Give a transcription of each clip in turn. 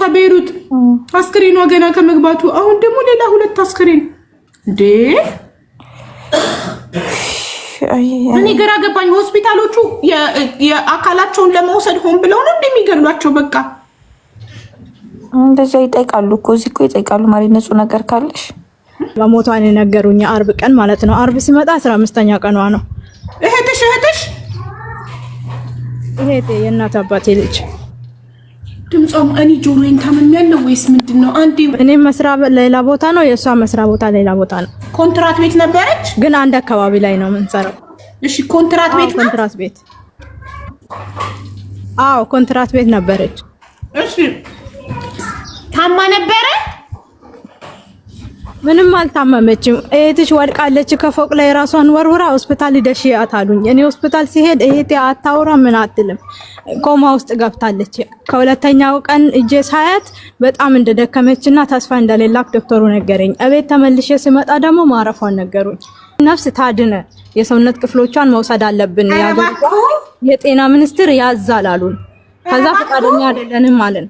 ከቤይሩት አስክሬኗ ገና ከመግባቱ አሁን ደግሞ ሌላ ሁለት አስክሬን እንዴ! እኔ ግራ ገባኝ። ሆስፒታሎቹ የአካላቸውን ለመውሰድ ሆን ብለው ነው እንደሚገሏቸው በቃ እንደዚያ ይጠይቃሉ እኮ እዚህ እኮ ይጠይቃሉ ማለት ንጹህ ነገር ካለሽ በሞቷን የነገሩኝ አርብ ቀን ማለት ነው። አርብ ሲመጣ አስራ አምስተኛ ቀኗ ነው። እህትሽ እህትሽ እህቴ የእናት አባቴ ልጅ ድምጿም እኔ ጆሮዬን ታመም ያለው ወይስ ምንድን ነው? አንዴ እኔ መስራ ሌላ ቦታ ነው፣ የእሷ መስራ ቦታ ሌላ ቦታ ነው። ኮንትራት ቤት ነበረች፣ ግን አንድ አካባቢ ላይ ነው የምንሰራው። እሺ ኮንትራት ቤት ኮንትራት ቤት አዎ፣ ኮንትራት ቤት ነበረች። እሺ ታማ ነበረ ምንም አልታመመችም። እህትሽ ወድቃለች ከፎቅ ላይ ራሷን ወርውራ ሆስፒታል ሂደሽ ያት አሉኝ። እኔ ሆስፒታል ሲሄድ እህቴ አታውራ ምን አትልም፣ ኮማ ውስጥ ገብታለች። ከሁለተኛው ቀን እጄ ሳያት በጣም እንደደከመችና ተስፋ እንደሌላት ዶክተሩ ነገረኝ። እቤት ተመልሼ ስመጣ ደግሞ ማረፏን ነገሩኝ። ነፍስ ታድነ የሰውነት ክፍሎቿን መውሰድ አለብን ያሉ የጤና ሚኒስትር ያዛል አሉን። ከዛ ፈቃደኛ አይደለንም አለን።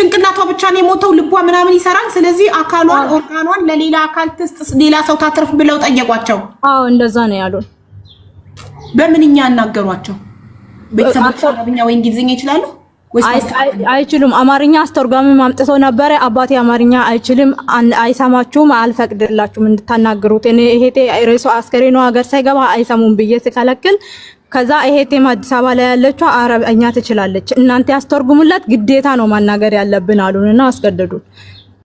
ጭንቅላቷ ብቻ ነው የሞተው፣ ልቧ ምናምን ይሰራል። ስለዚህ አካሏን ኦርጋኗን ለሌላ አካል ትስጥ፣ ሌላ ሰው ታትርፍ ብለው ጠየቋቸው። አዎ እንደዛ ነው ያሉን። በምንኛ ያናገሯቸው? ቤተሰቦች አረብኛ ወይ እንግሊዝኛ ይችላሉ አይችሉም። አማርኛ አስተርጓሚ ማምጥተው ነበረ። አባቴ አማርኛ አይችልም፣ አይሰማችሁም፣ አልፈቅድላችሁም እንድታናግሩት። እኔ ይሄ ርዕሱ አስከሬኑ ሀገር ሳይገባ አይሰሙም ብዬ ስከለክል ከዛ ይሄ ቴም አዲስ አበባ ላይ ያለችው አረብኛ ትችላለች፣ እናንተ ያስተርጉሙላት ግዴታ ነው ማናገር ያለብን አሉንና አስገደዱን።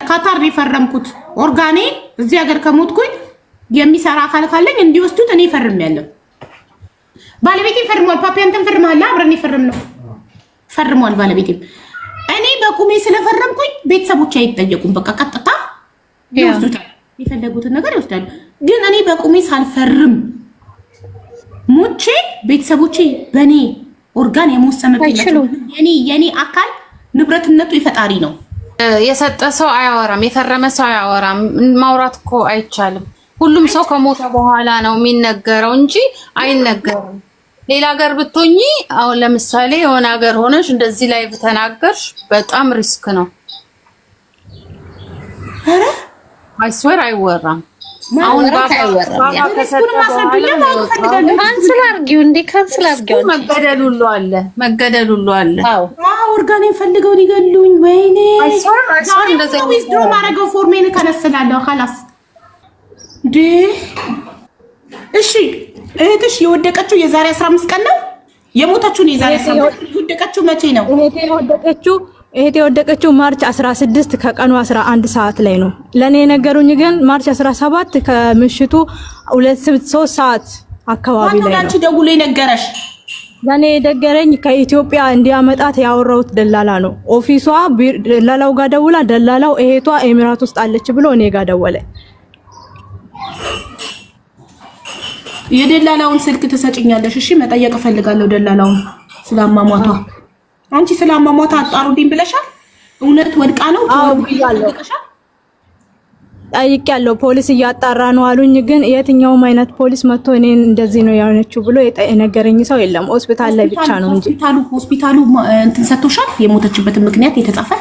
ካታር የፈረምኩት ኦርጋኔ እዚህ ሀገር ከሞትኩኝ የሚሰራ አካል ካለኝ እንዲወስዱት እኔ ፈርም ያለው ባለቤቴ ፈርሟል። ፓፒ አንተም ፈርመሃል፣ አብረን የፈርም ነው ፈርሟል ባለቤቴም። እኔ በቁሜ ስለፈረምኩኝ ቤተሰቦች አይጠየቁም። በቃ ቀጥታ ይወስዱታል፣ የፈለጉትን ነገር ይወስዳሉ። ግን እኔ በቁሜ ሳልፈርም ሙቼ ቤተሰቦቼ በእኔ ኦርጋን የመወሰነ የኔ የኔ አካል ንብረትነቱ የፈጣሪ ነው። የሰጠ ሰው አያወራም፣ የፈረመ ሰው አያወራም። ማውራት እኮ አይቻልም። ሁሉም ሰው ከሞተ በኋላ ነው የሚነገረው እንጂ አይነገርም። ሌላ ሀገር ብትሆኚ አሁን ለምሳሌ የሆነ ሀገር ሆነሽ እንደዚህ ላይ ብተናገርሽ በጣም ሪስክ ነው። አይስወር አይወራም። አሁን ካንስል አድርጊው እንዴ ካንስል አድርጊው። መገደል ሁሉ አለ መገደል ሁሉ አለ። ኦርጋኔን ፈልገው ሊገሉኝ። ወይኔ ዊዝድሮ ማድረገው ፎርሜን ከነስላለሁ። ላስ እንዴ እሺ፣ እህትሽ የወደቀችው የዛሬ 15 ቀን ነው። የሞተችውን የዛሬ 15 የወደቀችው መቼ ነው? እህቴ የወደቀችው እህቴ የወደቀችው ማርች 16 ከቀኑ 11 ሰዓት ላይ ነው። ለእኔ የነገሩኝ ግን ማርች 17 ከምሽቱ 2 ሰዓት አካባቢ ላይ ነው። ደውሎ የነገረሽ ለእኔ የደገረኝ ከኢትዮጵያ እንዲያመጣት ያወራሁት ደላላ ነው። ኦፊሷ ደላላው ጋር ደውላ ደላላው እህቷ ኤሚራት ውስጥ አለች ብሎ እኔ ጋር ደወለ። የደላላውን ስልክ ትሰጭኛለሽ? እሺ መጠየቅ እፈልጋለሁ ደላላውን ስላማሟቷ አንቺ ስለ አሟሟታ አጣሩልኝ ብለሻል። እውነት ወድቃ ነው ብያለሁ። ጠይቄያለሁ። ፖሊስ እያጣራ ነው አሉኝ። ግን የትኛውም አይነት ፖሊስ መጥቶ እኔን እንደዚህ ነው ያሆነችው ብሎ የነገረኝ ሰው የለም። ሆስፒታል ላይ ብቻ ነው እንጂ ሆስፒታሉ እንትን ሰጥቶሻል? የሞተችበትን ምክንያት የተጻፈ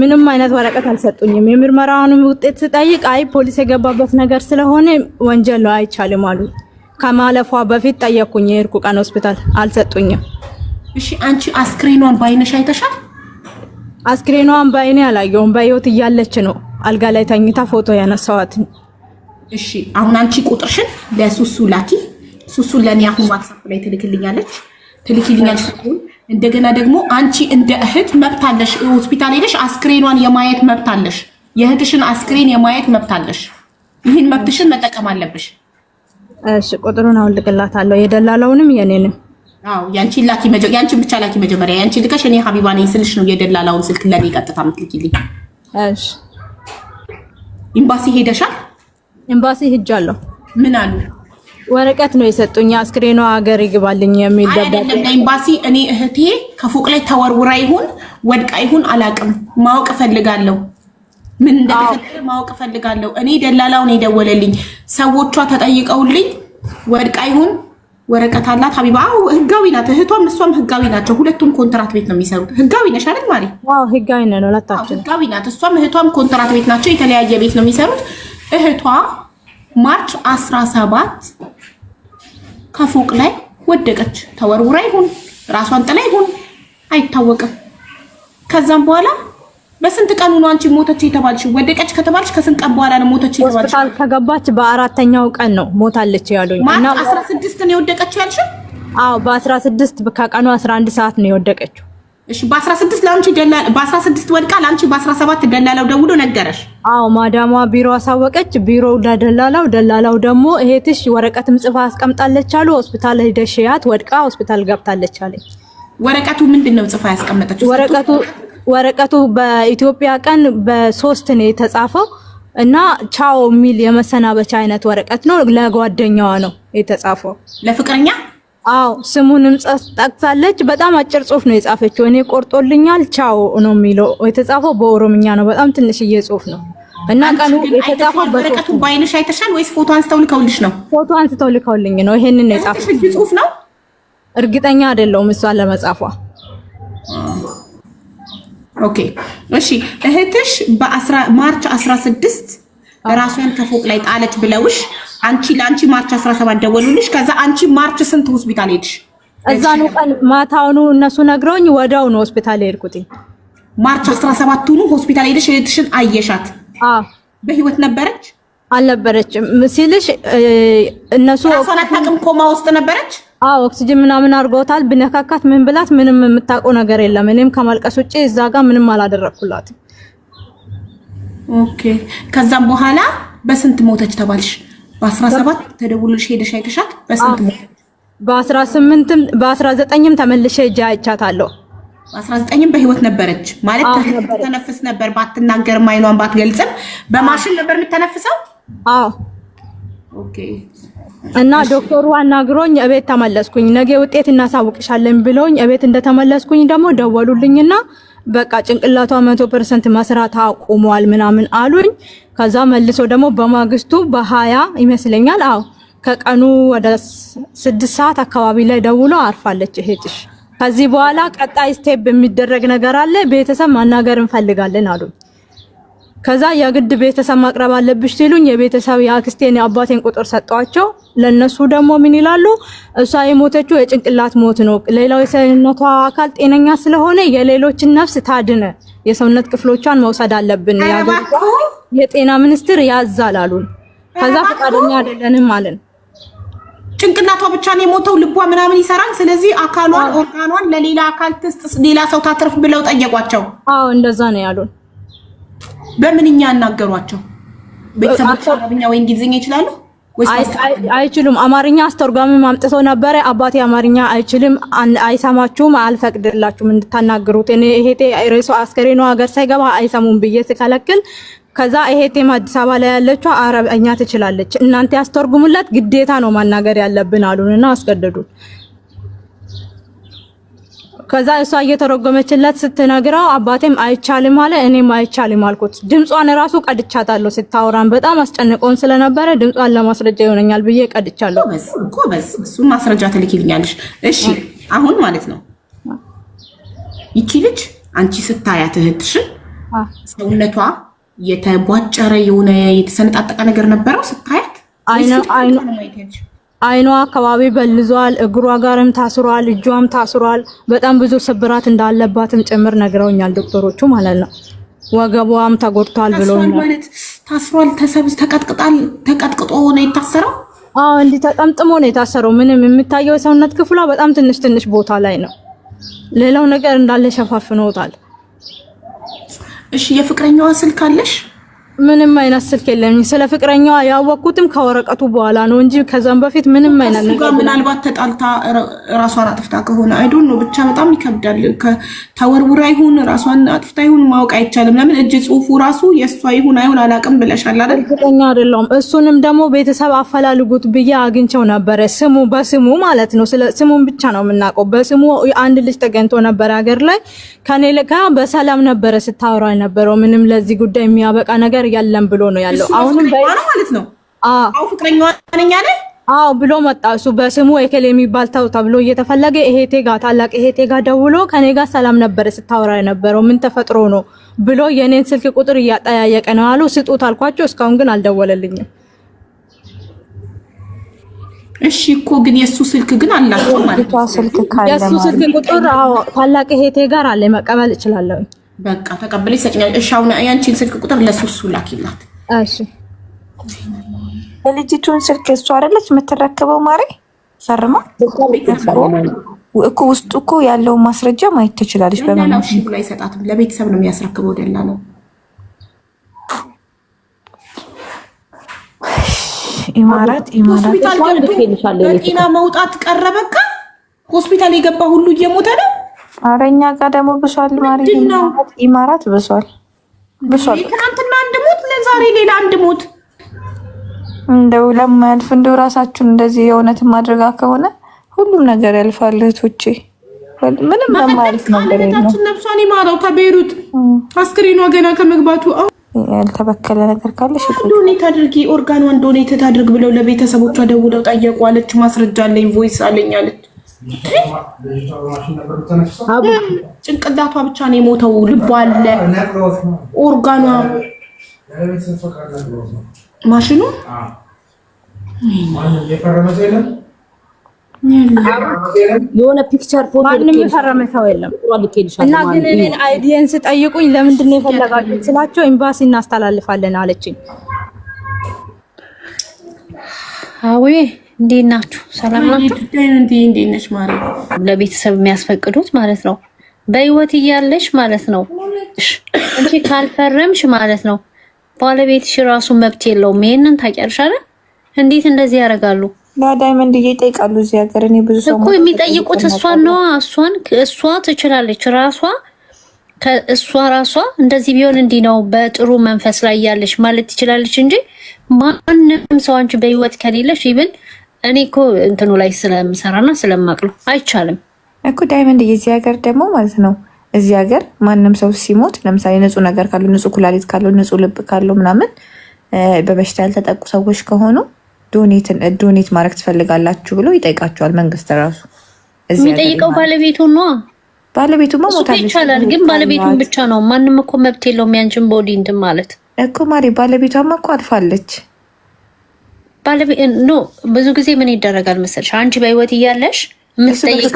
ምንም አይነት ወረቀት አልሰጡኝም። የምርመራውንም ውጤት ስጠይቅ አይ ፖሊስ የገባበት ነገር ስለሆነ ወንጀል ነው አይቻልም አሉ። ከማለፏ በፊት ጠየቅኩኝ። የሄድኩ ቀን ሆስፒታል አልሰጡኝም። እሺ አንቺ አስክሬኗን ባይነሽ አይተሻል? አስክሬኗን ባይኔ አላየውም። በህይወት እያለች ነው አልጋ ላይ ተኝታ ፎቶ ያነሳዋት። እሺ አሁን አንቺ ቁጥርሽን ለሱሱ ላኪ። ሱሱ ለኔ አሁን ዋትስአፕ ላይ ትልክልኛለች ትልክልኛለች። እንደገና ደግሞ አንቺ እንደ እህት መብት አለሽ። ሆስፒታል ሄደሽ አስክሬኗን የማየት መብት አለሽ። የእህትሽን አስክሬን የማየት መብት አለሽ። ይህን መብትሽን መጠቀም አለብሽ። እሺ ቁጥሩን አውልቅላታለሁ፣ የደላለውንም የኔንም ያንቺ ላኪ ያንቺ ብቻ ላኪ መጀመሪያ ያንቺ ልከሽ እኔ ሀቢባ ነኝ ስልሽ ነው የደላላውን ስልክ ለኔ ቀጥታ ምትልኪልኝ። እሺ ኤምባሲ ሄደሻል? ኤምባሲ ሄጃለሁ። ምን አሉ? ወረቀት ነው የሰጡኝ። አስክሬኗ ሀገር ይግባልኝ የሚል ደብዳቤ ኤምባሲ። እኔ እህቴ ከፎቅ ላይ ተወርውራ ይሁን ወድቃ ይሁን አላቅም፣ ማወቅ እፈልጋለሁ። ምን እንደተፈጠረ ማወቅ እፈልጋለሁ። እኔ ደላላውን የደወለልኝ ሰዎቿ ተጠይቀውልኝ ወድቃ ይሁን ወረቀት አላት ሀቢባ? አዎ ህጋዊ ናት። እህቷም እሷም ህጋዊ ናቸው። ሁለቱም ኮንትራት ቤት ነው የሚሰሩት። ህጋዊ ነሽ አይደል ማሪ? አዎ ህጋዊ ነን ሁለታችን። ህጋዊ ናት። እሷም እህቷም ኮንትራት ቤት ናቸው። የተለያየ ቤት ነው የሚሰሩት። እህቷ ማርች 17 ከፎቅ ላይ ወደቀች። ተወርውራ ይሁን ራሷን ጥላ ይሁን አይታወቅም። ከዛም በኋላ በስንት ቀን ሆኖ አንቺ ሞተች የተባልሽ? ወደቀች ከተባልሽ ከስንት ቀን በኋላ ነው ሞተች የተባልሽ? ሆስፒታል ከገባች በአራተኛው ቀን ነው ሞታለች ያሉኝ። እና 16 ነው የወደቀችው ያልሽ? አዎ በ16 ከቀኑ 11 ሰዓት ነው የወደቀችው። እሺ በ16 ላንቺ ደላ በ16 ወድቃ ላንቺ በ17 ደላላው ደውሎ ነገረሽ? አዎ ማዳሟ ቢሮ አሳወቀች። ቢሮ ለደላላው፣ ደላላው ደግሞ እሄትሽ ወረቀትም ጽፋ አስቀምጣለች አሉ። ሆስፒታል ሄደሽ ያት ወድቃ ሆስፒታል ገብታለች አለኝ። ወረቀቱ ምንድን ነው ጽፋ ያስቀመጠችው? ወረቀቱ ወረቀቱ በኢትዮጵያ ቀን በሶስት ነው የተጻፈው እና ቻው የሚል የመሰናበቻ አይነት ወረቀት ነው። ለጓደኛዋ ነው የተጻፈው ለፍቅረኛ። አዎ ስሙንም ጠቅሳለች። በጣም አጭር ጽሁፍ ነው የጻፈችው። እኔ ቆርጦልኛል ቻው ነው የሚለው የተጻፈው በኦሮምኛ ነው። በጣም ትንሽዬ ጽሁፍ ነው እና ቀኑ የተጻፈው በወረቀቱ በአይንሽ አይተሻል ወይስ ፎቶ አንስተው ልከውልሽ ነው? ፎቶ አንስተው ልከውልኝ ነው። ይሄንን ነው የጻፈው። ጽሁፍ ነው እርግጠኛ አይደለሁም እሷ ለመጻፏ ኦኬ እሺ፣ እህትሽ ማርች 16 ራሷን ከፎቅ ላይ ጣለች ብለውሽ አንቺ ለአንቺ ማርች 17 ደወሉልሽ። ከዛ አንቺ ማርች ስንት ሆስፒታል ሄድሽ? እዛ ቀን ማታውኑ እነሱ ነግረውኝ ወዳው ሆስፒታል ሄድኩትኝ። ማርች 17 ሁኑ ሆስፒታል ሄደሽ እህትሽን አየሻት? በህይወት ነበረች አልነበረችም? ሲልሽ እነሱ ራሷን አታውቅም፣ ኮማ ውስጥ ነበረች አዎ ኦክሲጅን ምናምን አድርገውታል። ብነካካት ምን ብላት ምንም የምታውቀው ነገር የለም። እኔም ከማልቀስ ውጭ እዛ ጋር ምንም አላደረግኩላትም። ኦኬ። ከዛም በኋላ በስንት ሞተች ተባልሽ? በ17 ተደውልሽ ሄደሽ አይተሻት? በስንት ሞተች? በ 18 በ 19 ተመልሼ እጃ አይቻታለሁ። በ19ም በህይወት ነበረች ማለት ተነፍስ ነበር። ባትናገርም አይኗን ባትገልጽም በማሽን ነበር የምተነፍሰው። አዎ እና ዶክተሩ አናግሮኝ እቤት ተመለስኩኝ። ነገ ውጤት እናሳውቅሻለን ብለውኝ እቤት እንደተመለስኩኝ ደግሞ ደወሉልኝና በቃ ጭንቅላቷ መቶ ፐርሰንት መስራት አቁሟል ምናምን አሉኝ። ከዛ መልሶ ደግሞ በማግስቱ በሀያ ይመስለኛል አዎ ከቀኑ ወደ ስድስት ሰዓት አካባቢ ላይ ደውሎ አርፋለች እህትሽ ከዚህ በኋላ ቀጣይ ስቴፕ የሚደረግ ነገር አለ ቤተሰብ ማናገር እንፈልጋለን አሉኝ። ከዛ የግድ ቤተሰብ ማቅረብ አለብሽ ሲሉኝ የቤተሰብ የአክስቴን የአባቴን ቁጥር ሰጠዋቸው። ለነሱ ደግሞ ምን ይላሉ? እሷ የሞተችው የጭንቅላት ሞት ነው። ሌላው የሰውነቷ አካል ጤነኛ ስለሆነ የሌሎችን ነፍስ ታድነ የሰውነት ክፍሎቿን መውሰድ አለብን የጤና ሚኒስትር ያዛል አሉን። ከዛ ፈቃደኛ አይደለንም አለን። ጭንቅላቷ ብቻ ነው የሞተው፣ ልቧ ምናምን ይሰራል። ስለዚህ አካሏን ኦርጋኗን ለሌላ አካል ትስጥ፣ ሌላ ሰው ታትርፍ ብለው ጠየቋቸው። አዎ እንደዛ ነው ያሉን። በምንኛ ያናገሯቸው? ቤተሰቦች አረብኛ ወይ እንግሊዝኛ ይችላሉ? አይችሉም። አማርኛ አስተርጓሚ አምጥተው ነበረ። አባቴ አማርኛ አይችልም፣ አይሰማችሁም፣ አልፈቅድላችሁም እንድታናግሩት። እህቴ ሬሶ አስከሬኗ ሀገር ሳይገባ አይሰሙም ብዬ ስከለክል ከዛ እህቴም አዲስ አበባ ላይ ያለችው አረብኛ ትችላለች፣ እናንተ ያስተርጉሙለት፣ ግዴታ ነው ማናገር ያለብን አሉን እና አስገደዱን። ከዛ እሷ እየተረጎመችለት ስትነግረው አባቴም አይቻልም አለ፣ እኔም አይቻልም አልኩት። ድምጿን ራሱ ቀድቻታለሁ። ስታወራን በጣም አስጨንቆን ስለነበረ ድምጿን ለማስረጃ ይሆነኛል ብዬ ቀድቻለሁ። እሱ ማስረጃ ትልኪልኛለሽ። እሺ፣ አሁን ማለት ነው ይቺ ልጅ አንቺ ስታያት እህትሽን ሰውነቷ የተቧጨረ የሆነ የተሰነጣጠቀ ነገር ነበረው ስታያት አይነ አይነ አይኗ አካባቢ በልዟል። እግሯ ጋርም ታስሯል። እጇም ታስሯል። በጣም ብዙ ስብራት እንዳለባትም ጭምር ነግረውኛል ዶክተሮቹ ማለት ነው። ወገቧም ተጎድቷል ብሎኛል። ታስሯል፣ ተቀጥቅጣል። ተቀጥቅጦ ነው የታሰረው። አዎ እንዲህ ተጠምጥሞ ነው የታሰረው። ምንም የሚታየው የሰውነት ክፍሏ በጣም ትንሽ ትንሽ ቦታ ላይ ነው። ሌላው ነገር እንዳለ ሸፋፍኖታል። እሺ የፍቅረኛዋ ስልክ አለሽ? ምንም አይነት ስልክ የለኝም። ስለ ፍቅረኛዋ ያወቅኩትም ከወረቀቱ በኋላ ነው እንጂ ከዛም በፊት ምንም አይነት ነገር ምናልባት ተጣልታ ራሷን አጥፍታ ከሆነ አይዶ ነው ብቻ በጣም ይከብዳል። ተወርውራ ይሁን ራሷን አጥፍታ ይሁን ማወቅ አይቻልም። ለምን እጅ ጽሁፉ ራሱ የእሷ ይሁን አይሁን አላውቅም ብለሻል አይደል? ፍቅረኛ አይደለሁም። እሱንም ደግሞ ቤተሰብ አፈላልጉት ብዬ አግኝቸው ነበረ። ስሙ በስሙ ማለት ነው። ስለ ስሙን ብቻ ነው የምናውቀው። በስሙ አንድ ልጅ ተገኝቶ ነበረ ሀገር ላይ ከኔ ልካ በሰላም ነበረ ስታወራ ነበረው። ምንም ለዚህ ጉዳይ የሚያበቃ ነገር የለም ብሎ ነው ያለው። አሁንም ማለት ነው አዎ ፍቅረኛዋ ነኝ አለ። አዎ ብሎ መጣ እሱ በስሙ ኤኬል የሚባል ተው ተብሎ እየተፈለገ እሄቴ ጋ ታላቅ እሄቴ ጋ ደውሎ ከኔ ጋር ሰላም ነበረ ስታወራ የነበረው ምን ተፈጥሮ ነው ብሎ የኔን ስልክ ቁጥር እያጠያየቀ ነው አሉ። ስጡት አልኳቸው። እስካሁን ግን አልደወለልኝም። እሺ እኮ ግን የሱ ስልክ ግን አላቸው ማለት ነው። የሱ ስልክ ቁጥር አዎ ታላቅ እሄቴ ጋር አለ መቀበል እችላለሁ። በቃ ተቀበለች ሰጭኛል። እሻውን ያንቺን ስልክ ቁጥር ለሱሱ ላኪላት። እሺ የልጅቱን ስልክ እሱ አይደለች የምትረክበው ማሬ ፈርማ እኮ ውስጡ እኮ ያለውን ማስረጃ ማየት ትችላለች። በመላው ሺ ብሎ አይሰጣትም። ለቤተሰብ ነው የሚያስረክበው። ደላ ነው ኢማራት ኢማራት ሆስፒታል ገብቶ በጤና መውጣት ቀረበካ። ሆስፒታል የገባ ሁሉ እየሞተ ነው። ኧረ እኛ ጋር ደግሞ ብሷል። ኢማራት ብሷል ብሷል። ትናንትና አንድ ሞት፣ ለዛሬ ሌላ አንድ ሞት። እንደው ለማያልፍ እንደው ራሳችሁን እንደዚህ የእውነት ማድረጋ ከሆነ ሁሉም ነገር ያልፋል እህቶቼ። ምንም ለማያልፍ ነገር የለም። ነፍሷን ይማረው። ከቤሩት አስክሬኗ ገና ከመግባቱ ያልተበከለ ነገር ካለሽ ዶኔት አድርጊ፣ ኦርጋኗን ዶኔት ታድርግ ብለው ለቤተሰቦቿ ደውለው ጠየቁ አለች። ማስረጃ አለኝ ቮይስ አለኝ አለች። አቡ ጭንቅላቷ ብቻ ነው የሞተው። ልቧ አለ፣ ኦርጋኗ፣ ማሽኑ የሆነ ፒክቸር ማንም የፈረመ ሰው የለም። እና ግን እኔን አይዲየንስ ጠይቁኝ ለምንድን ነው የፈለጋችሁት ስላቸው ኤምባሲ እናስተላልፋለን አለችኝ። አዊ እንዴት ናችሁ? ሰላም ናችሁ? ነሽ? ለቤተሰብ የሚያስፈቅዱት ማለት ነው። በህይወት እያለሽ ማለት ነው። እንቺ ካልፈረምሽ ማለት ነው ባለቤትሽ ራሱ መብት የለውም። ይሄንን ታውቂያለሽ አይደል? እንዴት እንደዚህ ያደርጋሉ? ዳይመንድ ይጠይቃሉ። እዚህ ሀገር እኔ ብዙ ሰው እኮ የሚጠይቁት እሷን ነዋ። እሷን እሷ ትችላለች ራሷ ከእሷ ራሷ እንደዚህ ቢሆን እንዲህ ነው በጥሩ መንፈስ ላይ ያለሽ ማለት ትችላለች እንጂ ማንም ሰው አንቺ በህይወት ከሌለሽ ይብል እኔ እኮ እንትኑ ላይ ስለምሰራና ስለማቅ ነው። አይቻልም እኮ ዳይመንድ። የዚህ ሀገር ደግሞ ማለት ነው እዚህ ሀገር ማንም ሰው ሲሞት ለምሳሌ ንጹህ ነገር ካለው ንጹህ ኩላሊት ካለው ንጹህ ልብ ካለው ምናምን በበሽታ ያልተጠቁ ሰዎች ከሆኑ ዶኔት ማድረግ ትፈልጋላችሁ ብሎ ይጠይቃቸዋል መንግስት ራሱ። የሚጠይቀው ባለቤቱ ነዋ። ባለቤቱ ይቻላል፣ ግን ባለቤቱን ብቻ ነው። ማንም እኮ መብት የለውም ያንችን ቦዲ እንትን ማለት እኮ ማሪ። ባለቤቷማ እኮ አልፋለች። ኖ ብዙ ጊዜ ምን ይደረጋል መሰለሽ፣ አንቺ በህይወት እያለሽ የምትጠይቅ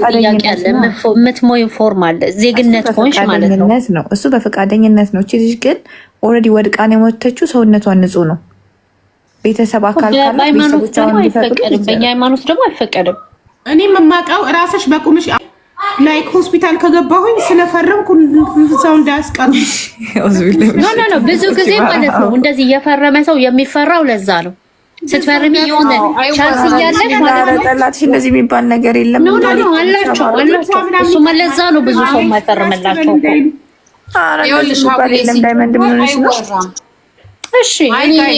ፎርም አለ። ዜግነት ሆንሽ ማለት ነው። እሱ በፈቃደኝነት ነው። ችልሽ ግን ኦልሬዲ ወድቃን የሞተችው ሰውነቷን ንጹሕ ነው። ቤተሰብ አካል በሃይማኖት ደግሞ አይፈቀድም። ሃይማኖት ደግሞ አይፈቀድም። እኔ የማውቀው ራስሽ በቁምሽ ላይክ ሆስፒታል ከገባሁኝ ስለፈረምኩ ሰው እንዳያስቀር ብዙ ጊዜ ማለት ነው። እንደዚህ እየፈረመ ሰው የሚፈራው ለዛ ነው። ስትፈርሚ የሆነ ቻንስ እያለሽ ማለት እንደዚህ የሚባል ነገር የለም። ኖ ኖ አላቸው አላቸው። እሱማ ለዛ ነው ብዙ ሰው የማይፈርምላቸው።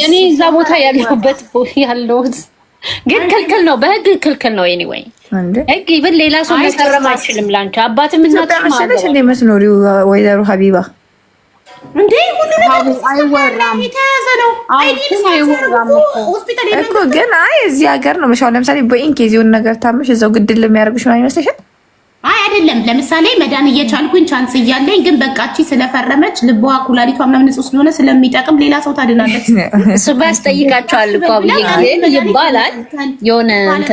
እኔ እዛ ቦታ ያለሁበት ያለሁት ግን ክልክል ነው፣ በህግ ክልክል ነው። ኤኒዌይ ህግ ይብል ሌላ ሰው መፈረም አይችልም። ላንቺ አባትም እናትም ማለት ወይዘሮ ሀቢባ እንዴ ሁሉ ነገር አይወራም፣ የተያዘ ነው። ሆስፒታል እኮ ግን አይ እዚህ ሀገር ነው መሻው። ለምሳሌ በኢንኬዝ የሆነ ነገር ታምሽ እዛው ግድል የሚያደርጉሽ ምናምን ይመስልሻል? አይ አይደለም። ለምሳሌ መዳን እየቻልኩኝ ቻንስ እያለኝ ግን በቃቺ ስለፈረመች ልቧ ኩላሊቷ ምናምን ንጹህ ስለሆነ ስለሚጠቅም ሌላ ሰው ታድናለች። እሱ ያስጠይቃቸዋል እኮ ብዬ ይባላል የሆነ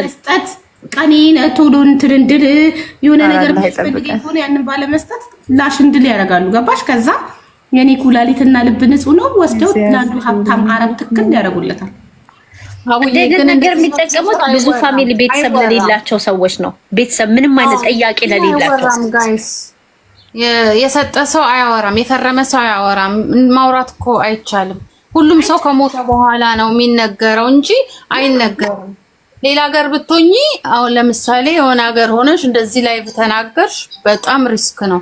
መስጠት ቀኔን ቶሎ እንትን እንድል የሆነ ነገር ሆነ ያንን ባለመስጠት ላሽ እንድል ያደርጋሉ። ገባሽ ከዛ የኔ ኩላሊትና ልብ ንጹህ ነው። ወስደው ለአንዱ ሀብታም አረብ ትክክል ያደርጉለታል። ግን ነገር የሚጠቀሙት ብዙ ፋሚሊ ቤተሰብ ለሌላቸው ሰዎች ነው። ቤተሰብ ምንም አይነት ጥያቄ ለሌላቸው የሰጠ ሰው አያወራም፣ የፈረመ ሰው አያወራም። ማውራት እኮ አይቻልም። ሁሉም ሰው ከሞተ በኋላ ነው የሚነገረው እንጂ አይነገርም። ሌላ ሀገር ብትሆኚ አሁን ለምሳሌ የሆነ ሀገር ሆነሽ እንደዚህ ላይ ብተናገርሽ በጣም ሪስክ ነው።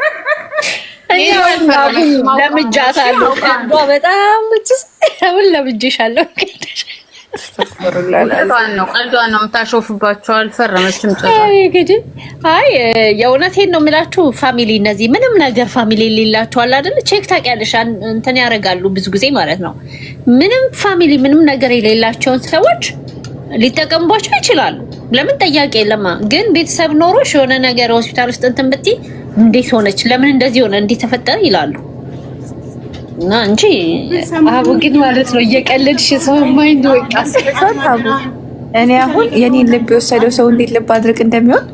ለምጃታለሁ። ነው የምታሾፍባቸው። የእውነቴን ነው የምላችሁ። ፋሚሊ እነዚህ ምንም ነገር ፋሚሊ የሌላቸዋል አይደል? ቼክ ታውቂያለሽ፣ እንትን ያደርጋሉ ብዙ ጊዜ ማለት ነው። ምንም ፋሚሊ ምንም ነገር የሌላቸውን ሰዎች ሊጠቀሙባቸው ይችላሉ። ለምን ጠያቄ የለማ። ግን ቤተሰብ ኖሮሽ የሆነ ነገር ሆስፒታል ውስጥ እንትን ብትይ እንዴት ሆነች? ለምን እንደዚህ ሆነ? እንዴት ተፈጠረ ይላሉ። እና እንጂ አቡ ግን ማለት ነው እየቀለድሽ ሰው ማይንድ ወቃስ እኔ አሁን የኔን ልብ የወሰደው ሰው እንዴት ልብ አድርግ እንደሚሆን